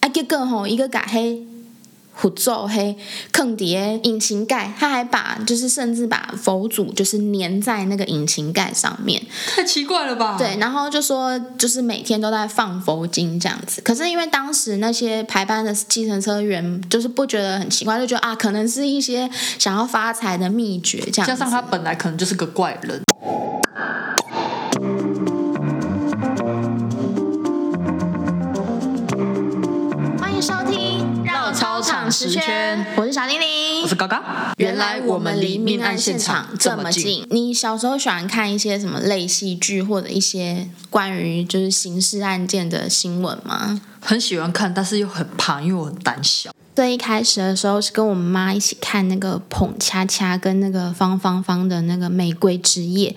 啊，結果吼、哦，一個甲黑、輔助黑、坑在引擎蓋，他還把就是甚至把佛祖就是粘在那個引擎蓋上面，太奇怪了吧？對，然後就說就是每天都在放佛經這樣子，可是因為當時那些排班的計程車員就是不覺得很奇怪，就覺得啊，可能是一些想要發財的秘訣這樣。加上他本來可能就是個怪人。石軒，我是小林林，我是嘎嘎。原來我們離命案現場這麼近。你小時候喜歡看一些什麼類戲劇，或者一些關於就是刑事案件的新聞嗎？很喜歡看，但是又很怕，因為我很膽小。最一開始的時候是跟我們媽一起看那個澎恰恰跟那個方芳芳的那個《玫瑰之夜》，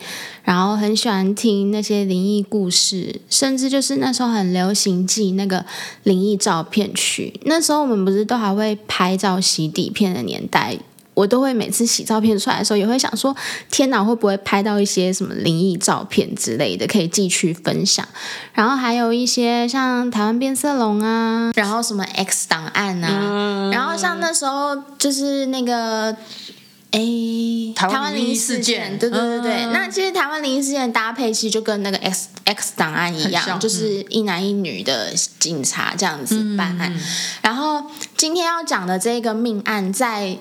然後很喜歡聽那些靈異故事，甚至就是那時候很流行寄那個靈異照片去。那時候我們不是都還會拍照洗底片的年代。我都會每次洗照片出來的時候，也會想說：天吶，會不會拍到一些什麼靈異照片之類的，可以繼續分享。然後還有一些像台灣變色龍啊，然後什麼 X 檔案啊，嗯、然後像那時候就是那個，哎，台灣靈異事件，對對對對、嗯。那其實台灣靈異事件的搭配其實就跟那個 X X 檔案一樣、嗯，就是一男一女的警察這樣子辦案。嗯、然後今天要講的這個命案在。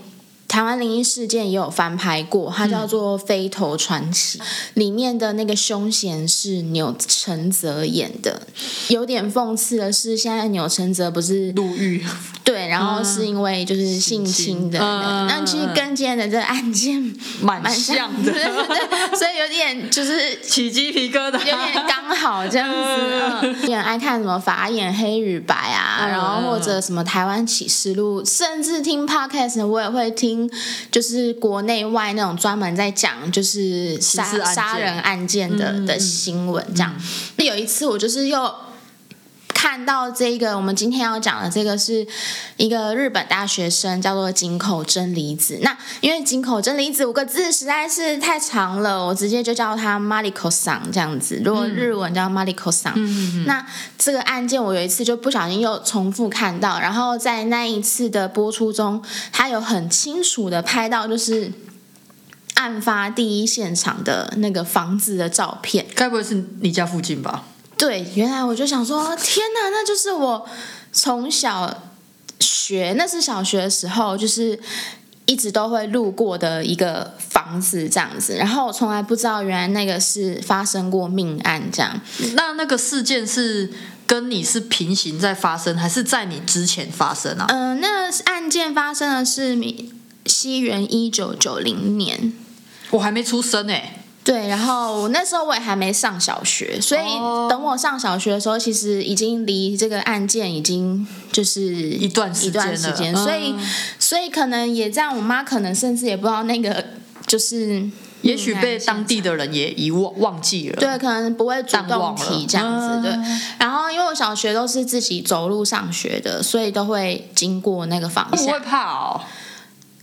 台灣靈異事件也有翻拍過，它叫做《飛頭傳奇》，嗯，裡面的那個兇嫌是鈕承澤演的。有點諷刺的是，現在鈕承澤不是入獄，對，然後是因為就是性侵的、那個嗯心情嗯。那其實跟今天的這個案件蠻像，像的， 對對，對所以有點就是起雞皮疙瘩，有點剛好這樣子、嗯嗯。你很愛看什麼法、啊《法眼黑與白》啊，然後或者什麼《台灣啟示錄》，甚至聽 podcast 我也會聽。就是國內外那種專門在講就是殺殺人案件的的新聞，這樣。那有一次我就是又。看到這個，我們今天要講的這個是一個日本大學生，叫做井口真理子。那因為井口真理子五個字實在是太長了，我直接就叫他 Mariko 桑這樣子。如果日文叫 Mariko 桑，嗯。那這個案件，我有一次就不小心又重複看到，然後在那一次的播出中，他有很清楚的拍到就是案發第一現場的那個房子的照片。該不會是你家附近吧？對，原來我就想說，天哪，那就是我從小學，那是小學的時候，就是一直都會路過的一個房子這樣子。然後我從來不知道，原來那個是發生過命案這樣。那那個事件是跟你是平行在發生，還是在你之前發生啊？嗯、呃，那個案件發生的是西元一九九零年，我還沒出生呢、欸。對，然後我那時候我也還沒上小學，所以等我上小學的時候，其實已經離這個案件已經就是一段時間一段時間，所以、嗯、所以可能也這樣，我媽可能甚至也不知道那個就是，也許被當地的人也遺忘忘記了，對，可能不會主動提這樣子、嗯、對。然後因為我小學都是自己走路上學的，所以都會經過那個房間。下，會怕、哦，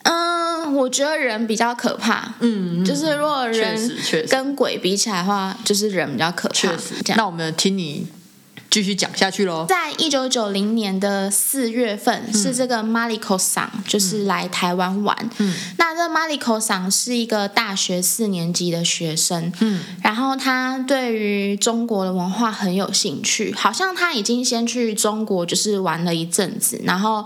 嗯。我覺得人比較可怕，嗯，就是如果人跟鬼比起來的話，嗯嗯、就是人比較可怕，確實這樣。那我們聽你繼續講下去嘍。在一九九零年的四月份，嗯，是這個 Mariko 桑，就是來台灣玩。嗯，那這 Mariko 桑是一個大學四年級的學生，嗯，然後他對於中國的文化很有興趣，好像他已經先去中國就是玩了一陣子，然後。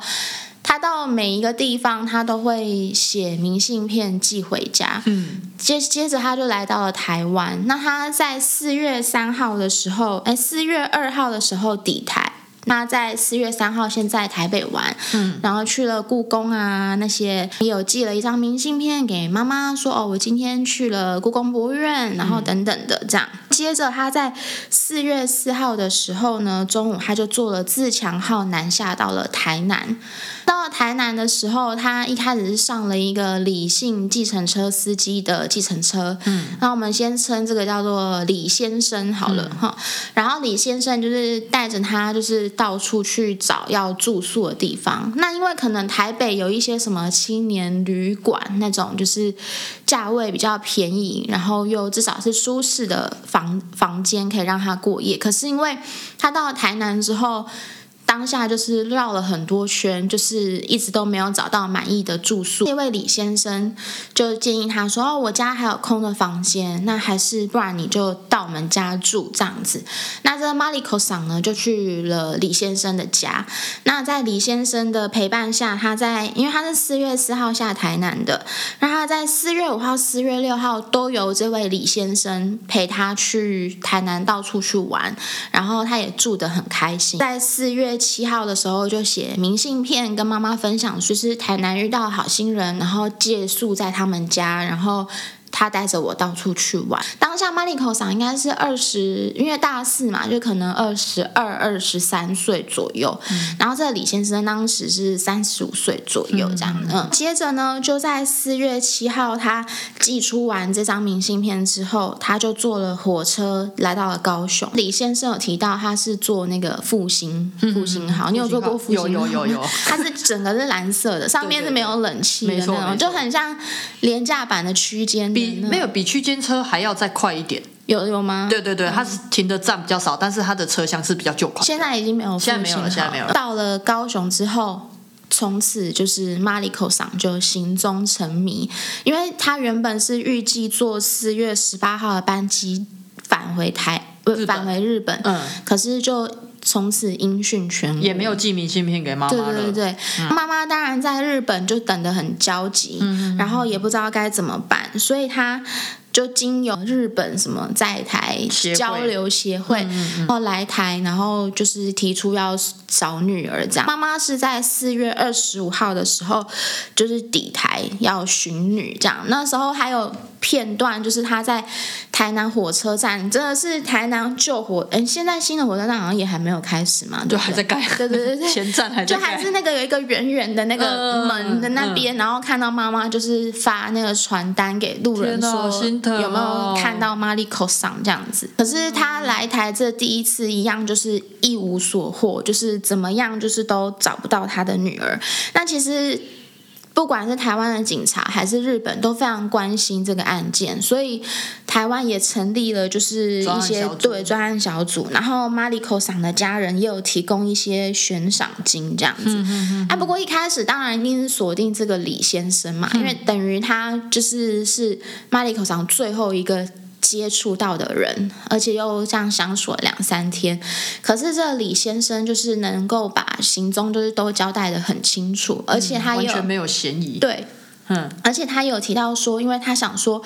他到每一個地方，他都會寫明信片寄回家。嗯，接接着他就來到了台灣。那他在四月三號的時候，哎，四月二號的時候抵台。那在四月三號，先在台北玩，嗯，然後去了故宮啊那些，也有寄了一張明信片給媽媽說，說哦，我今天去了故宮博物院，然後等等的這樣。嗯接着他在四月四號的時候呢，中午他就坐了“自強號”南下到了台南。到了台南的時候，他一開始是上了一個李姓計程車司機的計程車，嗯，那我們先稱這個叫做李先生好了哈、嗯。然後李先生就是帶着他，就是到處去找要住宿的地方。那因為可能台北有一些什麼青年旅館那種，就是價位比較便宜，然後又至少是舒適的房子。房間可以讓他過夜，可是因為他到了台南之後。當下就是繞了很多圈，就是一直都沒有找到滿意的住宿。那位李先生就建議他說：“哦，我家還有空的房間，那還是不然你就到我們家住這樣子。”那這個真理子桑呢就去了李先生的家。那在李先生的陪伴下，他在因為他是四月四號下台南的，那他在四月五號、四月六號都由這位李先生陪他去台南到處去玩，然後他也住得很開心。在四月。七號的時候就寫明信片跟媽媽分享，說是台南遇到好心人，然後借宿在他們家，然後。他帶着我到處去玩。當下，真理子桑應該是二十，因為大四嘛，就可能二十二、二十三歲左右。嗯、然後，這李先生當時是三十五歲左右這樣。嗯。接着呢，就在四月七號，他寄出完這張明信片之後，他就坐了火車來到了高雄。李先生有提到，他是坐那個復興復興號，嗯嗯嗯。你有坐過復興號，號？有有有有。 它是整個是藍色的，上面是沒有冷氣的那種，對對對，那種就很像廉價版的區間。沒有比區間車還要再快一點，有有嗎？對對對、嗯，他是停的站比較少，但是他的車廂是比較舊款。現在已經沒有現，現在沒有了，現在沒有了。到了高雄之後，從此就是 Mariko 桑就行蹤成謎，因為他原本是預計坐四月十八號的班機返回台，返回日本，嗯，可是就。從此音訊全無，也沒有寄明信片給媽媽。對對對、對、嗯、媽媽當然在日本就等得很焦急嗯嗯嗯，然後也不知道該怎麼辦，所以她就經由日本什麼在台交流協會，協會然後來台，然後就是提出要找女兒這樣。媽媽是在四月二十五號的時候，就是抵台要尋女這樣。那時候還有。片段就是他在台南火車站，真的是台南舊火，嗯、欸，現在新的火車站好像也還沒有開始嘛，就還在改，對對對，對，前站還在改，就還是那個有一個遠遠的那個門的那邊、嗯嗯，然後看到媽媽就是發那個傳單給路人說有沒有看到真理子桑這樣子，可是他來台這第一次一樣就是一無所獲，就是怎麼樣就是都找不到他的女兒，那其實。不管是台灣的警察還是日本都非常關心這個案件，所以台灣也成立了就是一些對專案小組，然後真理子桑的家人也有提供一些懸賞金這樣子。哎、嗯嗯嗯啊，不過一開始當然一定是鎖定這個李先生嘛，嗯、因為等於他就是是真理子桑最後一個。接觸到的人，而且又這樣相處了兩三天，可是這李先生就是能夠把行蹤就是都交代得很清楚，嗯、而且他完全沒有嫌疑，對，嗯、而且他有提到說，因為他想說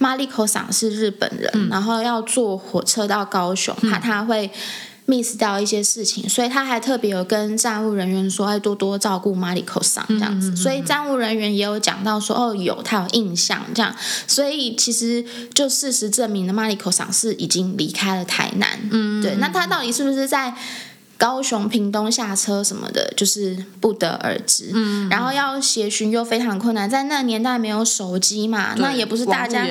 真理子桑是日本人，嗯，然後要坐火車到高雄，怕他會。嗯 miss 掉一些事情，所以他還特別有跟站務人員說，要多多照顧 Mariko 桑這樣子，嗯嗯嗯，所以站務人員也有講到說，哦，有，他有印象這樣，所以其實就事實證明了 Mariko 桑是已經離開了台南，嗯嗯嗯，對，那他到底是不是在？高雄、屏東下車什麼的，就是不得而知。嗯，然後要協尋又非常困難，在那個年代沒有手機嘛，那也不是大家對，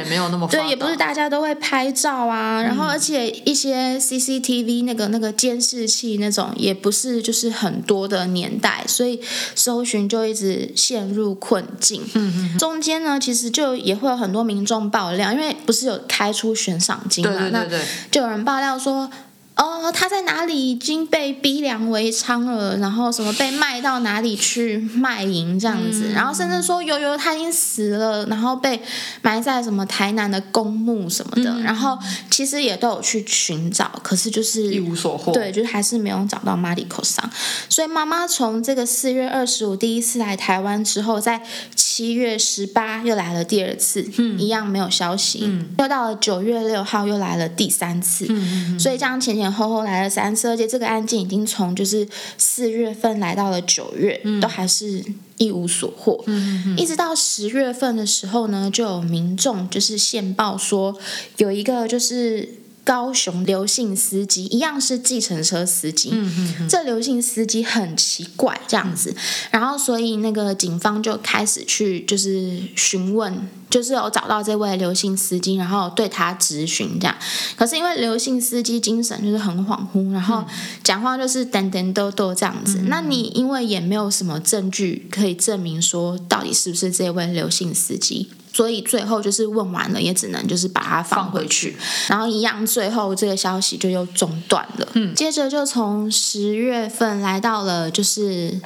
也不是大家都會拍照啊。嗯，然後，而且一些 CCTV 那個那個監視器那種也不是就是很多的年代，所以搜尋就一直陷入困境。嗯嗯，嗯，中間呢，其實就也會有很多民眾爆料，因為不是有開出懸賞金嘛，對對對對，那就有人爆料說。哦、oh，他在哪裡已經被逼良為娼了？然後什麼被賣到哪裡去賣淫這樣子、嗯？然後甚至說，有有他已經死了，然後被埋在什麼台南的公墓什麼的。嗯嗯，然後其實也都有去尋找，可是就是一無所獲，對，就是、還是沒有找到 Mariko さん，所以媽媽從這個四月二十五第一次來台灣之後，在七月十八又來了第二次、嗯，一樣沒有消息。嗯、又到了九月六號又來了第三次，嗯嗯嗯，所以這樣前前。然後後來了三次，而且，這個案件已經從就是四月份來到了九月，嗯，都還是一無所獲。嗯、一直到十月份的時候呢，就有民眾就是線報說有一個就是。高雄劉姓司機一樣是計程車司機、嗯，這劉姓司機很奇怪這樣子、嗯，然後所以那個警方就開始去就是詢問，就是有找到這位劉姓司機，然後對他質詢這樣，可是因為劉姓司機精神就是很恍惚，然後講話就是等等都都這樣子、嗯，那你因為也沒有什麼證據可以證明說到底是不是這位劉姓司機。所以最後就是問完了，也只能就是把它放回去。然後一樣，最後這個消息就又中斷了。嗯，接着就從十月份來到了就是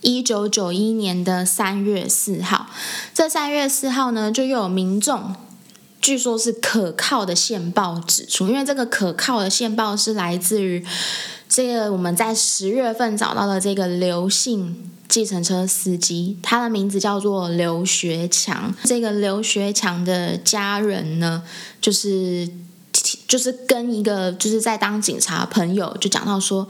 一九九一年的三月四號。這三月四號呢，就又有民眾據說是可靠的線報指出，因為這個可靠的線報是來自於這個我們在十月份找到的這個劉姓。計程車司機，他的名字叫做劉學強。這個劉學強的家人呢，就是就是跟一個就是在當警察的朋友就講到說。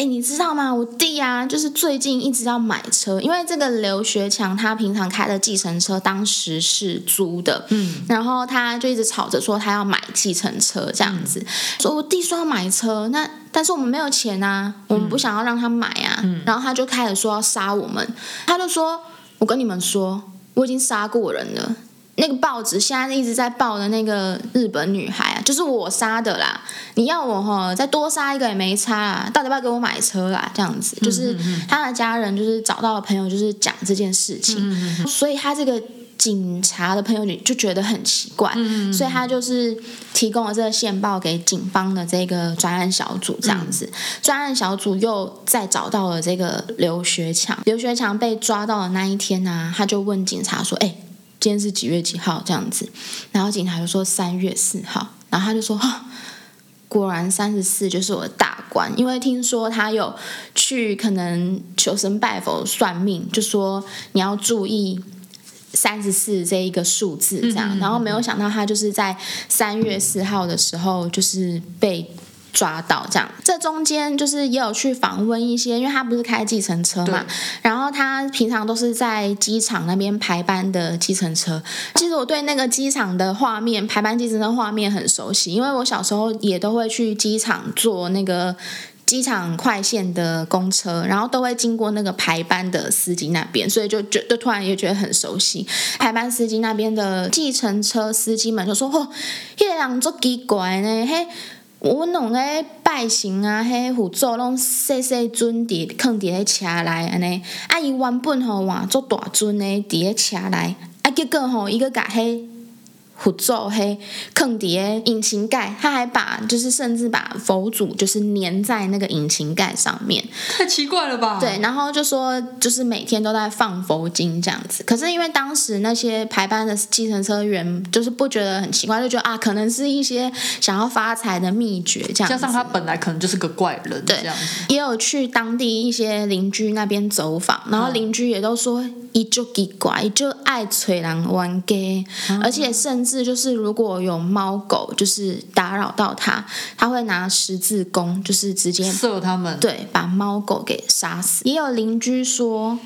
哎、欸，你知道嗎？我弟啊，就是最近一直要買車，因為這個劉學強他平常開的計程車當時是租的，嗯，然後他就一直吵着說他要買計程車這樣子，嗯，說我弟說要買車，那但是我們沒有錢啊，我們不想要讓他買啊，嗯，然後他就開始說要殺我們，他就說，我跟你們說，我已經殺過人了。那個報紙現在一直在報的那個日本女孩啊，就是我殺的啦！你要我哈、哦、再多殺一個也沒差啊，到底要不要給我買車啦？這樣子就是他的家人，就是找到了朋友，就是講這件事情，嗯嗯嗯，所以他這個警察的朋友就覺得很奇怪，嗯嗯，所以他就是提供了這個線報給警方的這個專案小組，這樣子專案小組又再找到了這個劉學強。劉學強被抓到的那一天呢、啊，他就問警察說：“哎、欸。”今天是幾月幾號這樣子，然後警察就說三月四號，然後他就說，果然三十四就是我的大關，因為聽說他有去可能求神拜佛算命，就說你要注意三十四這一個數字這樣嗯嗯嗯，然後沒有想到他就是在三月四號的時候就是被。抓到這樣，這中間就是也有去訪問一些，因為他不是開計程車嘛，然後他平常都是在機場那邊排班的計程車。其實我對那個機場的畫面，排班計程車的畫面很熟悉，因為我小時候也都會去機場坐那個機場快線的公車，然後都會經過那個排班的司機那邊，所以就覺得突然也覺得很熟悉。排班司機那邊的計程車司機們就說：“哦，這人做奇怪呢、欸，嘿。”阮用個拜神啊，迄、那個佛祖攏細細樽佇放佇個車內安尼。啊，伊原本吼換作大樽的，佇個車內，啊，結果吼、哦，伊擱舉迄。詛咒黑坑碟、引擎蓋，他還把就是甚至把佛祖就是粘在那個引擎蓋上面，太奇怪了吧？對，然後就說就是每天都在放佛經這樣子。可是因為當時那些排班的計程車員就是不覺得很奇怪，就覺得啊，可能是一些想要發財的秘訣這樣子。加上他本來可能就是個怪人，對，這樣也有去當地一些鄰居那邊走訪，然後鄰居也都說伊就幾怪，就愛吹人玩家、嗯，而且甚至。是，就是如果有貓狗，就是打擾到他，他會拿十字弓，就是直接射他們，對，把貓狗給殺死。也有鄰居說，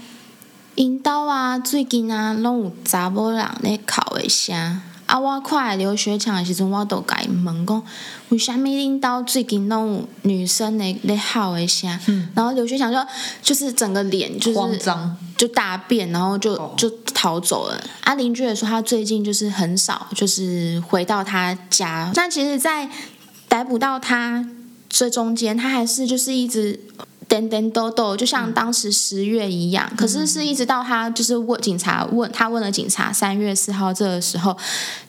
因兜啊最近啊，攏有查某人咧哭的聲。啊，我看劉學強的時候，我都改問講，為啥物因兜最近攏有女生咧咧哭的聲？嗯，然後劉學強說，就是整個臉就是慌張。就大便，然後就就逃走了。阿、oh。鄰居也說，他最近就是很少，就是回到他家。但其實，在逮捕到他這中間，他還是就是一直顛顛兜兜就像當時十月一樣，嗯。可是是一直到他就是問警察問他問了警察三月四號這個時候，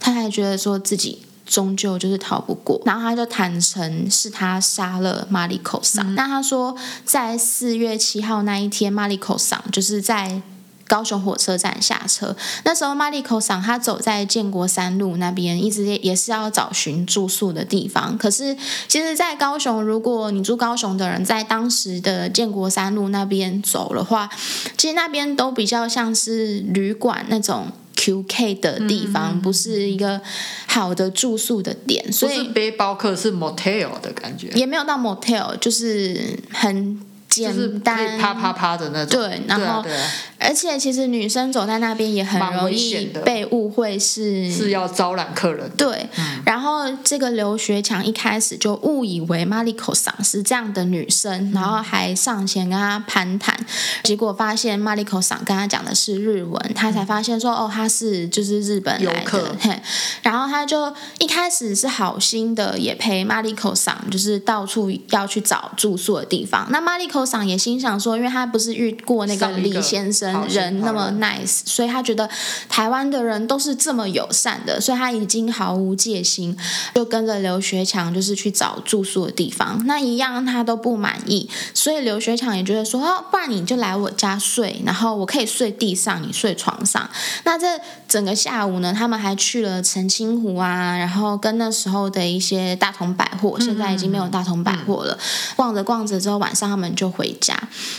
他還覺得說自己。終究就是逃不過，然後他就坦承是他殺了 i 麗·科、嗯、桑。那他說，在四月七號那一天，i 麗·科桑就是在高雄火車站下車。那時候，i 麗·科桑他走在建國三路那邊，一直也是要找尋住宿的地方。可是，其實，在高雄，如果你住高雄的人，在當時的建國三路那邊走的話，其實那邊都比較像是旅館那種。QK 的地方、嗯、不是一個好的住宿的點，所以背包客是 motel 的感覺，也沒有到 motel，就是很簡單，就是、啪啪啪的那種，對，然後。對啊對啊。而且其實女生走在那邊也很容易被誤會是是要招攬客人的。對、嗯，然後這個劉學強一開始就誤以為 Mariko 桑是這樣的女生，嗯、然後還上前跟她攀談，結果發現 Mariko 桑跟她講的是日文，她、嗯、才發現說哦，她是就是日本來的遊客。嘿，然後他就一開始是好心的，也陪 Mariko 桑，就是到處要去找住宿的地方。那 Mariko 桑也心想說，因為他不是遇過那個李先生。人那麼 nice，所以他覺得台灣的人都是這麼友善的，所以他已經毫無戒心，就跟着劉學強就是去找住宿的地方。那一樣他都不滿意，所以劉學強也覺得說，哦，不然你就來我家睡，然後我可以睡地上，你睡床上。那這整個下午呢，他們還去了澄清湖啊，然後跟那時候的一些大同百貨，嗯嗯，現在已經沒有大同百貨了。逛着逛着之後，晚上他們就回家。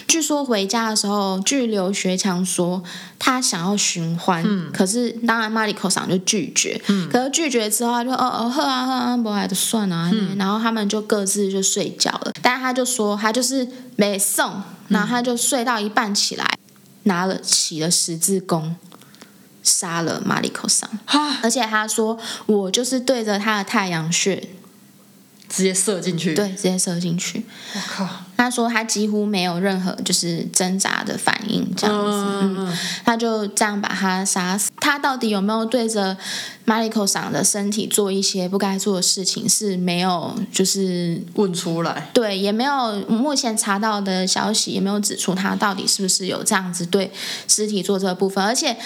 據說回家的時候，據劉學槍說他想要尋歡、嗯，可是當然馬里 c o s a n 就拒絕、嗯。可是拒絕之後他就哦哦喝啊喝啊不來的算啊、嗯。然後他們就各自就睡覺了。但他就說他就是沒送，然後他就睡到一半起來、嗯、拿了起了十字弓殺了馬里克桑。s、啊、而且他說我就是對着他的太陽穴。直接射進去、嗯，對，直接射進去。我靠！他說他幾乎沒有任何就是掙扎的反應，這樣子、uh. 嗯，他就這樣把他殺死。他到底有沒有對着 m a 克 i 的身體做一些不該做的事情？是沒有，就是問出來。對，也沒有目前查到的消息，也沒有指出他到底是不是有這樣子對屍體做這個部分，而且。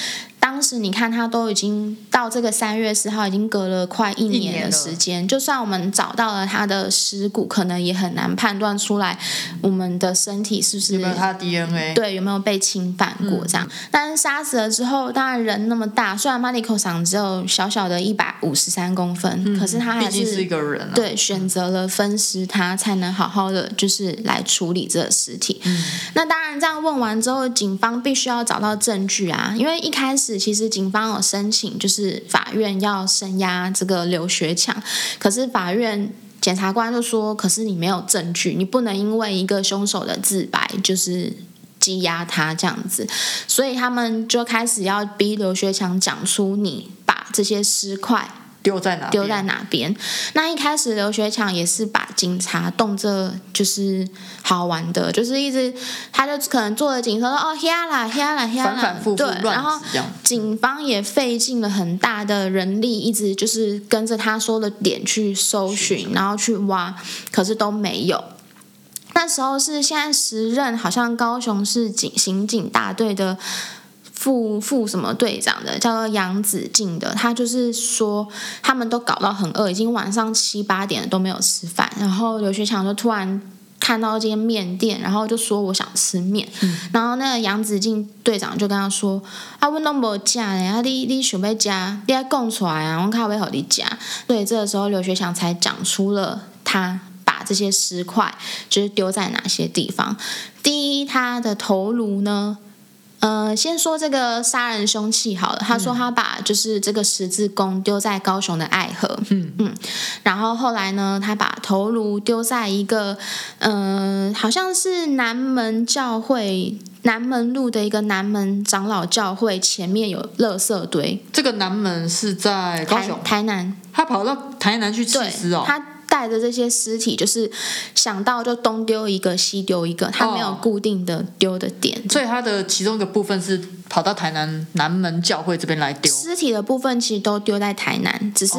當時你看，他都已經到這個三月四號，已經隔了快一年的時間。就算我們找到了他的屍骨，可能也很難判斷出來我們的身體是不是有沒有他的 DNA。對，有沒有被侵犯過這樣、嗯？但是殺死了之後，當然人那麼大，雖然 Mariko 桑只有小小的一百五十三公分、嗯，可是他還、就是是一個人、啊。對，選擇了分屍，他才能好好的就是來處理這個屍體。嗯、那當然，這樣問完之後，警方必須要找到證據啊，因為一開始。其實警方有申請，就是法院要聲押這個劉學強，可是法院檢察官就說，可是你沒有證據，你不能因為一個兇手的自白就是羈押他這樣子，所以他們就開始要逼劉學強講出你把這些屍塊。丟在哪？丟在哪邊？那一開始劉學強也是把警察當作就是好玩的，就是一直他就可能坐著警車說哦，here 啦，here 啦，here 啦，反反覆覆，對，然後警方也費盡了很大的人力，嗯、一直就是跟着他說的點去搜尋、嗯，然後去挖，可是都沒有。那時候是現在時任好像高雄市警刑警大隊的。副副什麼隊長的叫做楊子敬的，他就是說他們都搞到很餓，已經晚上七八點了都沒有吃飯。然後劉學強就突然看到這些面店，然後就說我想吃麵。嗯、然後那個楊子敬隊長就跟他說：“嗯、啊，問儂都沒有呷呢？啊，你你想要呷？你要供出來啊，我看為好你呷。”所以這個時候劉學強才講出了他把這些屍塊就是丟在哪些地方。第一，他的頭顱呢？呃，先說這個殺人凶器好了。他說他把就是這個十字弓丟在高雄的愛河。嗯嗯，然後後來呢，他把頭顱丟在一個，呃，好像是南門教會南門路的一個南門長老教會前面有垃圾堆。這個南門是在高雄？台、台南，他跑到台南去棄屍哦。帶着這些屍體，就是想到就東丟一個西丟一個，他沒有固定的丟的點。哦、所以他的其中一個部分是跑到台南南門教會這邊來丟。屍體的部分，其實都丟在台南，只是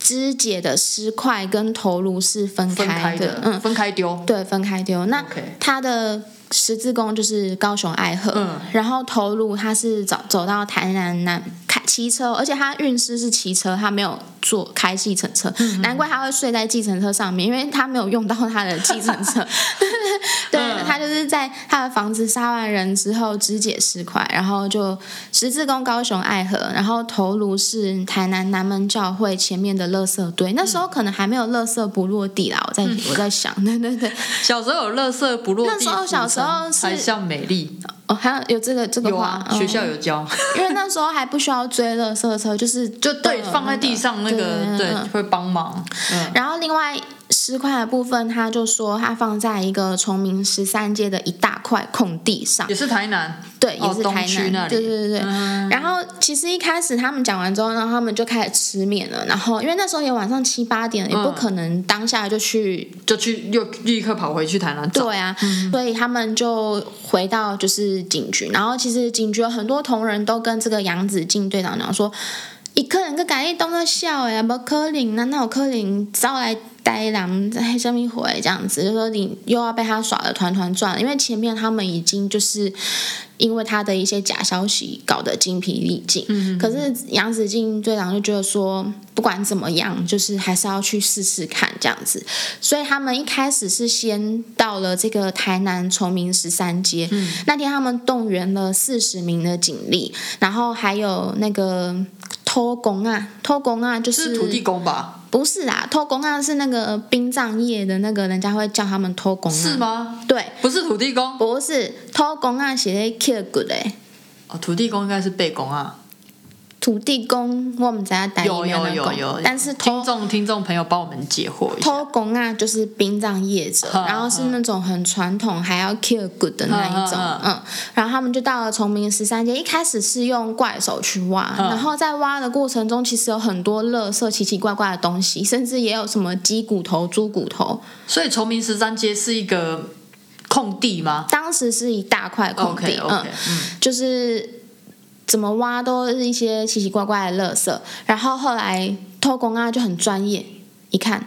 肢解的屍塊跟頭顱是分開的，、哦、分開的，嗯，分開丟，對，分開丟。那他的十字弓就是高雄愛河，嗯、然後頭顱他是走走到台南南騎車，而且他運屍是騎車，他沒有坐開計程車，嗯嗯難怪他會睡在計程車上面，因為他沒有用到他的計程車。 對、嗯、他就是在他的房子殺完人之後肢解屍塊，然後就十字弓高雄愛河，然後頭顱是台南南門教會前面的垃圾堆，嗯、那時候可能還沒有垃圾不落地啦。我在、嗯、我在想，嗯、 在想 對對對，小時候有垃圾不落地，那時候小時候還像美麗。哦，還有有這個這個話有、啊嗯，學校有教，因為那時候還不需要追垃圾車， 就是就對、那個、對放在地上那個，對、對、對、對、對、對會幫忙、嗯，然後另外。屍塊的部分，他就說他放在一個崇明十三街的一大塊空地上，也是台南，對，也是台南，哦、對對對，對、嗯。然後其實一開始他們講完之後，呢，他們就開始吃麵了。然後因為那時候也晚上七八點、嗯、也不可能當下就去，就去又立刻跑回去台南。對啊、嗯，所以他們就回到就是警局，然後其實警局有很多同仁都跟這個楊子敬隊長講說。一 可能擱家一當做笑，哎呀，無可能，哪能有可能招來歹人？迄什麼會這樣子？就是，說你又要被他耍得團團轉，因為前面他們已經就是因為他的一些假消息搞得精疲力盡。嗯嗯，可是楊子敬隊長就覺得說，不管怎麼樣，就是還是要去試試看這樣子。所以他們一開始是先到了這個台南崇明十三街。嗯、那天他們動員了四十名的警力，然後還有那個。土公啊，土公啊、就是，就是土地公吧？不是啊，土公啊是那個殯葬業的那個人家會叫他們土公啊？是嗎？對，不是土地公，不是土公啊，是咧拾骨嘞。哦，土地公應該是伯公啊。土地公我們在那待裡有有有，但是聽眾聽眾朋友幫我們解惑一下，偷工啊就是殯葬業者呵呵，然後是那種很傳統還要 kill good 的那一種呵呵呵，嗯，然後他們就到了崇明十三街，一開始是用怪手去挖，然後在挖的過程中其實有很多垃圾奇奇怪怪怪的東西，甚至也有什麼雞骨頭、豬骨頭，所以崇明十三街是一個空地嗎？當時是一大塊空地，okay, okay, 嗯嗯，就是。怎麼挖都是一些奇奇怪怪的垃圾，然後後來偷工啊就很專業，一看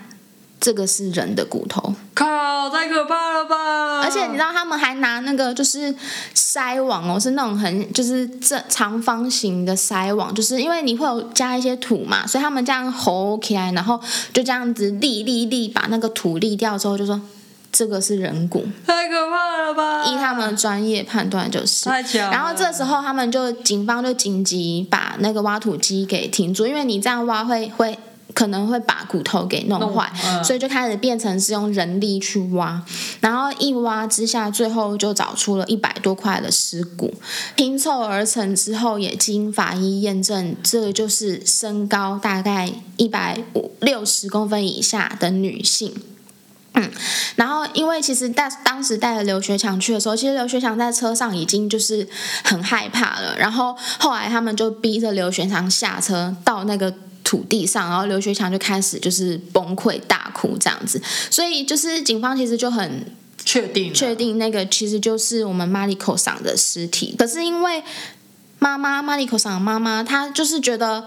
這個是人的骨頭，靠，太可怕了吧！而且你知道他們還拿那個就是篩網哦，是那種很就是正長方形的篩網，就是因為你會有加一些土嘛，所以他們這樣吼起來，然後就這樣子瀝瀝瀝，把那個土瀝掉之後，就說。這個是人骨，太可怕了吧！依他們的專業判斷就是太，然後這時候他們就警方就緊急把那個挖土機給停住，因為你這樣挖會會可能會把骨頭給弄壞，弄壞，所以就開始變成是用人力去挖，然後一挖之下，最後就找出了一百多塊的屍骨，拼湊而成之後也經法醫驗證，這個就是身高大概一百五六十公分以下的女性。嗯，然後因為其實帶當時帶着劉學強去的時候，其實劉學強在車上已經就是很害怕了。然後後來他們就逼着劉學強下車到那個土地上，然後劉學強就開始就是崩潰大哭這樣子。所以就是警方其實就很確定確定那個其實就是我們 Mariko 桑的屍體。可是因為媽媽 Mariko 桑的媽媽，她就是覺得。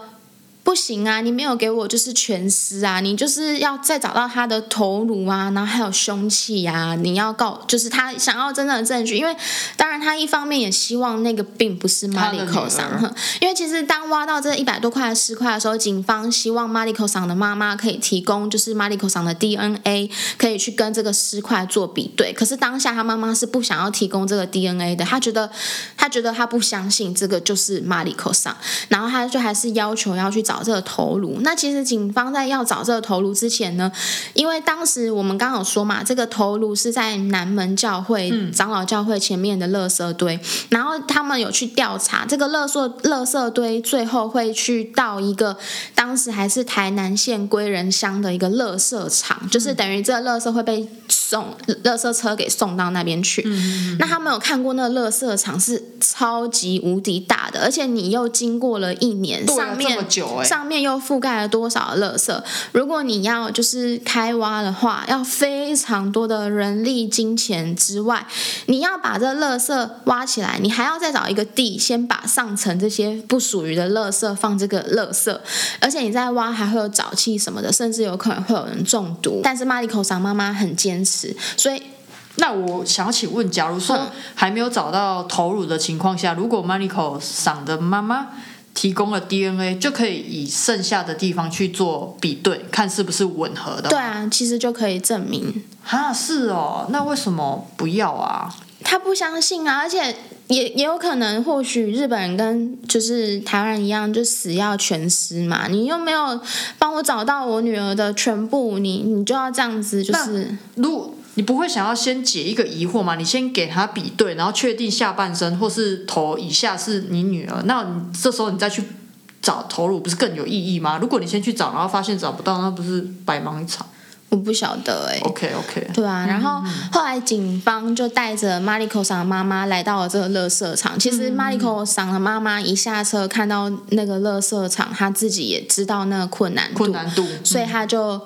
不行啊！你沒有給我就是全屍啊！你就是要再找到他的頭顱啊，然後還有兇器呀、啊！你要告，就是他想要真正的證據。因為當然他一方面也希望那個並不是真理子桑，因為其實當挖到這一百多塊的屍塊的時候，警方希望真理子桑的媽媽可以提供，就是真理子桑的 DNA 可以去跟這個屍塊做比對。可是當下他媽媽是不想要提供這個 DNA 的，他覺得他覺得他不相信這個就是真理子桑，然後他就還是要求要去找。找這個頭顱，那其實警方在要找這個頭顱之前呢，因為當時我們剛好說嘛，這個頭顱是在南門教會、嗯、長老教會前面的垃圾堆，然後他們有去調查這個垃圾垃圾堆，最後會去到一個當時還是台南縣歸仁鄉的一個垃圾場，嗯、就是等於這個垃圾會被送垃圾車給送到那邊去、嗯。那他們有看過那個垃圾場是超級無敵大的，而且你又經過了一年、啊、上面這麼久、欸。上面又覆蓋了多少的垃圾？如果你要就是開挖的話，要非常多的人力、金錢之外，你要把這垃圾挖起來，你還要再找一個地，先把上層這些不屬於的垃圾放這個垃圾，而且你在挖還會有沼氣什麼的，甚至有可能會有人中毒。但是真理子桑媽媽很堅持，所以那我想請問，假如說還沒有找到頭顱的情況下，如果真理子桑的媽媽。提供了 DNA 就可以以剩下的地方去做比對，看是不是吻合的。對啊，其實就可以證明。哈，是哦，那為什麼不要啊？他不相信啊，而且也也有可能，或許日本人跟就是台灣人一樣，就死要全屍嘛。你又沒有幫我找到我女兒的全部，你你就要這樣子，就是如。你不會想要先解一個疑惑嗎？你先給他比對，然後確定下半身或是頭以下是你女兒，那你這時候你再去找頭顱，不是更有意義嗎？如果你先去找，然後發現找不到，那不是白忙一場？我不曉得哎、欸。OK OK，對啊。然後、嗯、後來警方就帶着真理子さん媽媽來到了這個垃圾場。其實真理子さん的媽媽一下車看到那個垃圾場，他、嗯、自己也知道那個困難度，困難度嗯、所以他就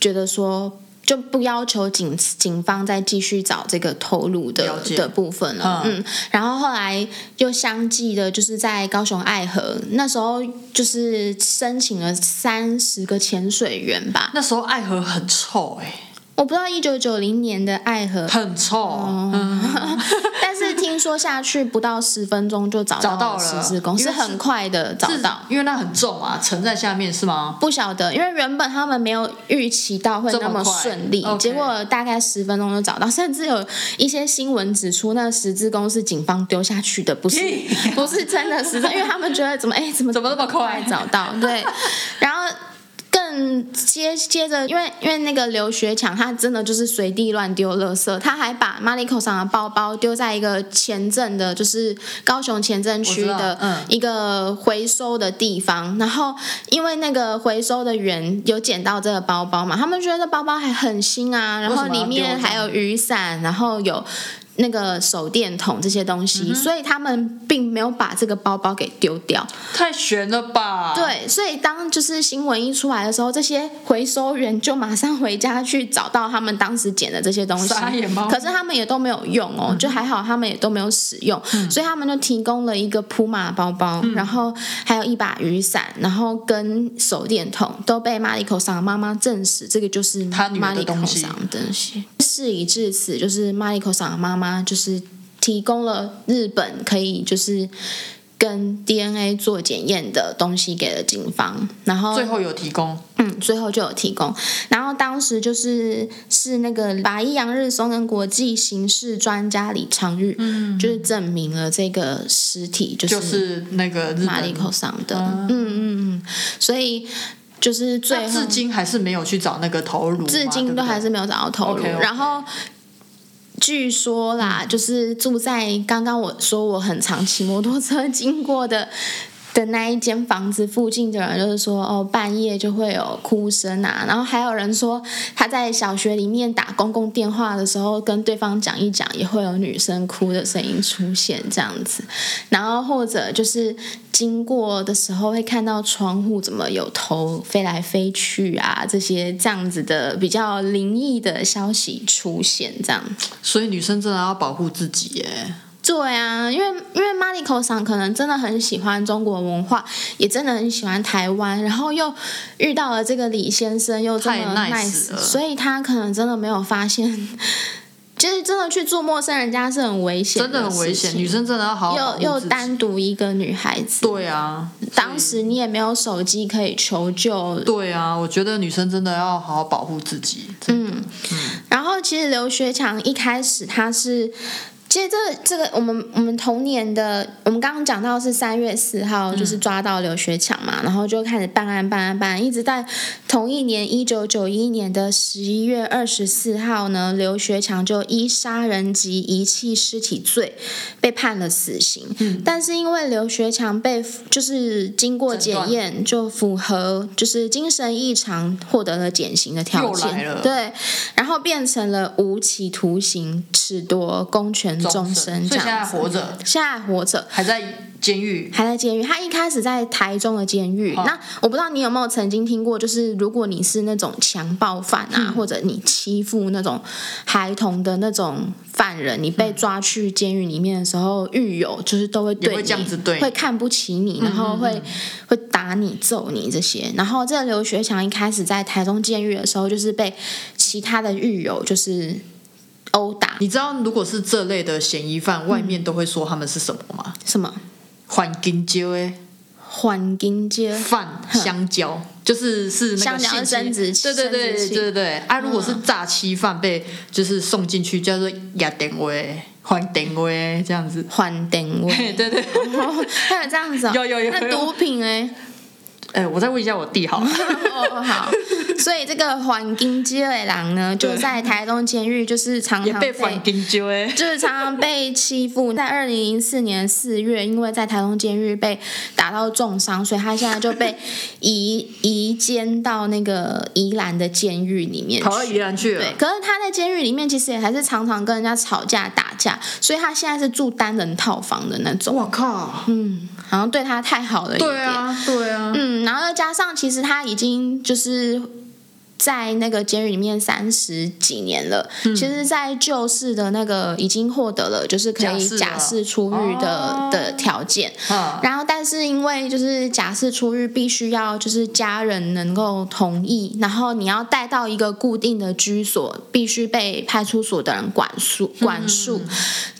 覺得說。就不要求警警方再繼續找這個透露的的部分了。嗯，然後後來又相繼的，就是在高雄愛河那時候，就是申請了三十個潛水員吧。那時候愛河很臭哎、欸。我不知道一九九零年的愛河很臭，哦，嗯，但是聽說下去不到十分鐘就找到了十字弓，是很快的找到，因為那很重啊，沉在下面是嗎？不曉得，因為原本他們沒有預期到會那麼順利，OK，結果大概十分鐘就找到，甚至有一些新聞指出那十字弓是警方丟下去的，不是 不是真的十字弓，因為他們覺得怎麼，哎、欸、怎麼怎麼那麼快找到，對，然後。更接接着，因為因為那個劉學強，他真的就是隨地亂丟垃圾，他還把 Mariko 桑的包包丟在一個前鎮的，就是高雄前鎮區的一個回收的地方、嗯。然後因為那個回收的員有撿到這個包包嘛，他們覺得包包還很新啊，然後裡面還有雨傘，然後有。那個手電筒這些東西、嗯，所以他們並沒有把這個包包給丟掉。太玄了吧！對，所以當就是新聞一出來的時候，這些回收員就馬上回家去找到他們當時撿的這些東西。可是他們也都沒有用哦、嗯，就還好他們也都沒有使用，嗯、所以他們就提供了一個 Puma 包包、嗯，然後還有一把雨傘，然後跟手電筒都被 Mariko 桑的媽媽證實，這個就是 Mariko 桑的東西。事已至此，就是真理子桑的媽媽就是提供了日本可以就是跟 DNA 做檢驗的東西給了警方，然後最後有提供，嗯，最後就有提供，然後當時就是是那個法醫楊日松跟國際刑事專家李昌鈺，嗯，就是證明了這個屍體就是、就是、那個真理子桑的，嗯嗯嗯，所以。就是最，至今還是沒有去找那個頭顱，至今都還是沒有找到頭顱。Okay, okay. 然後據說啦、嗯，就是住在剛剛我說我很常騎摩托車經過的。的那一間房子附近的人就是說，哦，半夜就會有哭聲啊，然後還有人說他在小學裡面打公共電話的時候，跟對方講一講，也會有女生哭的聲音出現這樣子，然後或者就是經過的時候會看到窗戶怎麼有頭飛來飛去啊，這些這樣子的比較靈異的消息出現這樣，所以女生真的要保護自己耶、欸。對啊，因為因為真理子桑可能真的很喜歡中國文化，也真的很喜歡台灣，然後又遇到了這個李先生，又 nice, 太 nice 了，所以他可能真的沒有發現，其實真的去住陌生人家是很危險的，真的很危險。女生真的要好好保護，又又單獨一個女孩子，對啊。當時你也沒有手機可以求救，對啊。我覺得女生真的要好好保護自己。嗯，嗯，然後其實劉學強一開始他是。其實這這個我們我們同年的，我們剛剛講到是三月四號，就是抓到劉學強嘛，然後就開始辦案辦案辦案，一直在同一年一九九一年的十一月二十四號呢，劉學強就依殺人及遺棄屍屍體罪被判了死刑。但是因為劉學強被就是經過檢驗就符合就是精神異常獲得了減刑的條件，對，然後變成了無期徒刑，褫奪公權。終身，所以現在活着，現在還活着，還在監獄，還在監獄。他一開始在台中的監獄、哦，那我不知道你有沒有曾經聽過，就是如果你是那種強暴犯啊、嗯，或者你欺負那種孩童的那種犯人，你被抓去監獄裡面的時候，獄、嗯、友就是都會，對你，會這樣子對你，會看不起你，然後會嗯嗯會打你、揍你這些。然後這個劉學強一開始在台中監獄的時候，就是被其他的獄友就是。毆打，你知道如果是這類的嫌疑犯，外面都會說他們是什麼嗎？什麼？環金蕉誒，換金蕉犯香、香蕉，就是是香蕉生殖器對對對對對，對,對,對,對、嗯、啊，如果是詐欺犯被就是送進去，叫做亞典威、環典威這樣子，環典威，對對對， 哦、還有這樣子、啊，有有有、有。那毒品誒、欸。哎、欸，我再問一下我弟好。 好。所以這個黃金雞尾郎呢，就在台東監獄，就是常常被，黃金雞尾 就是常常被欺負。在二零零四年四月，因為在台東監獄被打到重傷，所以他現在就被移 移監到那個宜蘭的監獄裡面，跑到宜蘭去了。對。可是他在監獄裡面，其實也還是常常跟人家吵架打架，所以他現在是住單人套房的那種。哇靠。嗯，好像對他太好了一點。對啊，對啊。嗯。然後又加上，其實他已經就是在那個監獄裡面三十幾年了。嗯、其實，在舊市的那個已經獲得了，就是可以假釋，假釋出獄的、哦、的條件。嗯、然後，但是因為就是假釋出獄必須要就是家人能夠同意，然後你要帶到一個固定的居所，必須被派出所的人管束管束、嗯。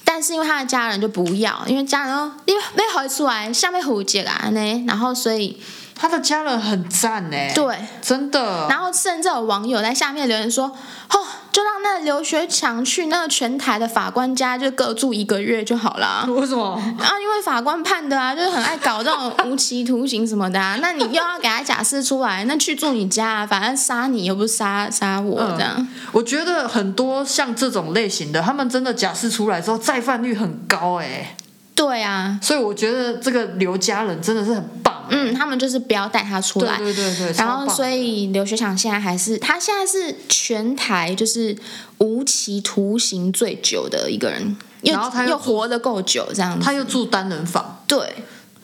但是因為他的家人就不要，因為家人你沒出來，下面戶籍啦呢，然後所以。他的家人很贊哎、欸，對，真的。然後甚至有網友在下面留言說：“哦，就讓那個劉學強去那個全台的法官家，就各住一個月就好了。”為什麼？啊，因為法官判的啊，就是很愛搞這種無期徒刑什麼的啊。 那你又要給他假釋出來，那去住你家、啊，反正殺你又不是殺殺我這樣、嗯。我覺得很多像這種類型的，他們真的假釋出來之後再犯率很高哎、欸。對啊，所以我覺得這個劉家人真的是很棒。嗯，他們就是不要帶他出來。對對對、對。然後，所以劉學長現在還是他現在是全台就是無期徒刑最久的一個人，然後他又、又活得夠久，這樣子他又住單人房。對，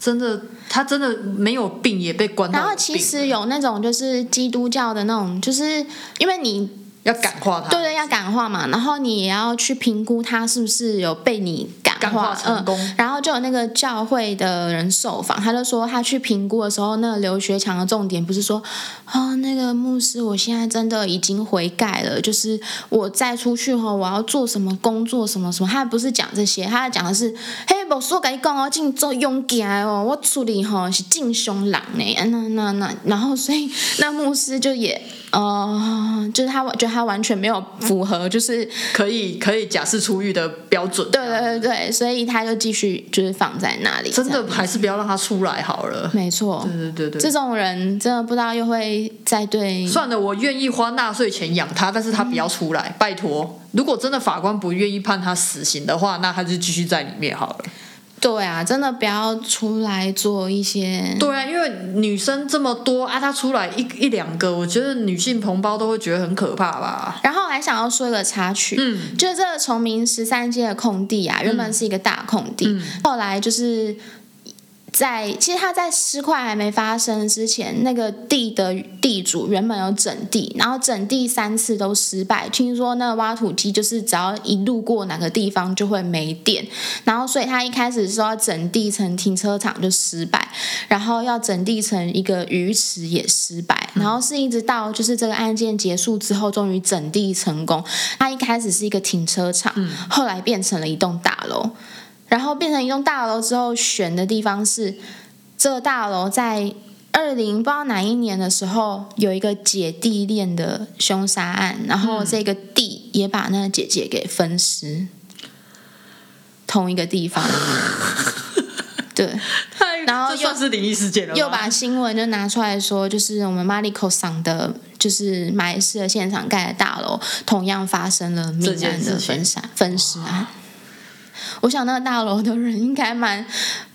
真的，他真的沒有病也被關到。然後其實有那種就是基督教的那種，就是因為你要感化他，對、對對，要感化嘛。然後你也要去評估他是不是有被你。講話、嗯，然後就有那個教會的人受訪，他就說他去評估的時候，那劉、個、學強的重點不是說啊、哦，那個牧師，我現在真的已經悔改了，就是我再出去後我要做什麼工作什麼什麼，他不是講這些，他講的是，嘿，我說跟你講，我真做勇敢哦，我處理好，是盡兇人呢，那那那，然後所以那牧師就也。哦、uh,，就是他覺得他完全沒有符合，嗯、就是可以可以假釋出獄的標準。對對對對，所以他就繼續就是放在那裡。真的還是不要讓他出來好了、嗯。沒錯，對對對對，這種人真的不知道又會再對。算了，我願意花納稅錢養他，但是他不要出來，嗯、拜託。如果真的法官不願意判他死刑的話，那他就繼續在裡面好了。對啊，真的不要出來做一些。對啊，因為女生這麼多啊，她出來一一兩個，我覺得女性同胞都會覺得很可怕吧。然後還想要說一個插曲，嗯，就是這個崇明十三街的空地啊，原本是一個大空地，嗯，後來就是。在其實他在屍塊還沒發生之前，那個地的地主原本有整地，然後整地三次都失敗。聽說那個挖土機就是只要一路過哪個地方就會沒電，然後所以他一開始說要整地成停車場就失敗，然後要整地成一個魚池也失敗，然後是一直到就是這個案件結束之後，終於整地成功。他一開始是一個停車場，後來變成了一棟大樓。然後變成一棟大樓之後，選的地方是這個、大樓在二零不知道哪一年的時候，有一個姐弟戀的凶殺案，然後這個弟也把那個姐姐給分屍，同一個地方， 對太，然後又，這算是靈異事件了吧？又把新聞就拿出來說，就是我們 Mariko 桑的，就是埋屍的現場蓋的大樓，同樣發生了命案的分屍分屍案。我想那個大樓的人應該蠻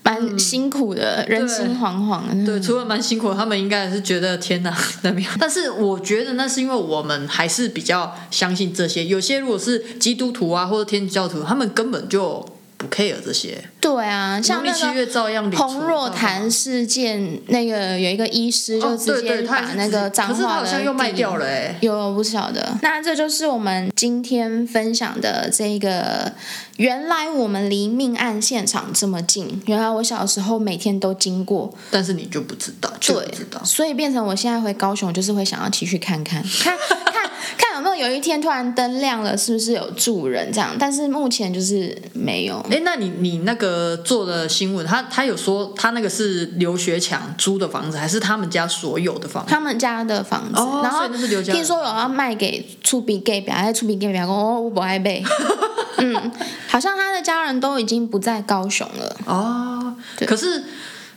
蠻辛苦的、嗯，人心惶惶的對、嗯。對，除了蠻辛苦，他們應該是覺得天哪，怎麼樣？但是我覺得那是因為我們還是比較相信這些。有些如果是基督徒啊或者天主教徒，他們根本就不 care 這些。對啊，像那個洪若潭事件、嗯，那個有一個醫師就直接把那個髒話，可是他好像又賣掉了哎、欸，有不曉得？那這就是我們今天分享的這一個。原來我們離命案現場這麼近，原來我小的時候每天都經過，但是你就不知道，就不知道，所以變成我現在回高雄就是會想要繼續看看， 看看，看有沒有有一天突然燈亮了，是不是有住人這樣？但是目前就是沒有。哎、欸，那你你那個做的新聞，他他有說他那個是劉學強租的房子，還是他們家所有的房子？他們家的房子，哦、然後家的房子聽說有要賣給出筆給表，哎、啊，出筆給表講我我不愛買 好像他的家人都已經不在高雄了哦。可是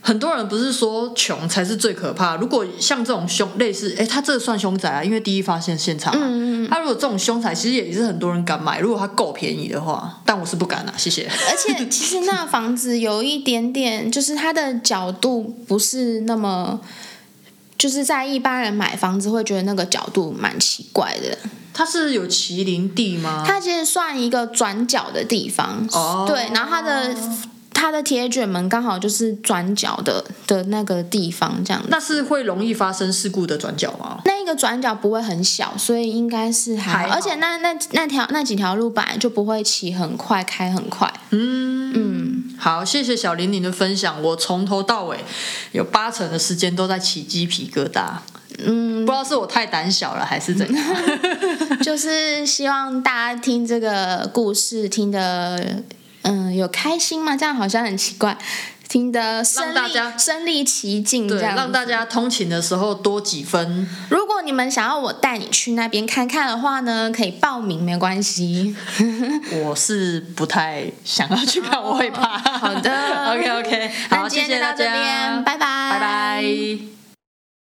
很多人不是說窮才是最可怕？如果像這種凶類似，哎，他這算凶宅啊？因為第一發現現場、啊，他、嗯、如果這種凶宅，其實也是很多人敢買，如果他夠便宜的話。但我是不敢啊，謝謝。而且其實那個房子有一點點，就是它的角度不是那麼，就是在一般人買房子會覺得那個角度蠻奇怪的。它是有麒麟地嗎？它其實算一個轉角的地方，哦，對，然後它的它的鐵捲門剛好就是轉角的的那個地方，這樣子。那是會容易發生事故的轉角嗎？那一個轉角不會很小，所以應該是還，還，而且那那那條那幾條路本來就不會騎很快，開很快。嗯嗯，好，謝謝小林林的分享，我從頭到尾有八成的時間都在起雞皮疙瘩。嗯，不知道是我太膽小了還是怎樣，嗯，就是希望大家聽這個故事聽得嗯有開心嗎？這樣好像很奇怪，聽得讓大家身歷其境，這樣對讓大家通勤的時候多幾分。如果你們想要我帶你去那邊看看的話呢，可以報名，沒關係。我是不太想要去看， 哦、我會怕。好的，OK OK，好，今天就到這邊，謝謝大家，拜拜，拜拜。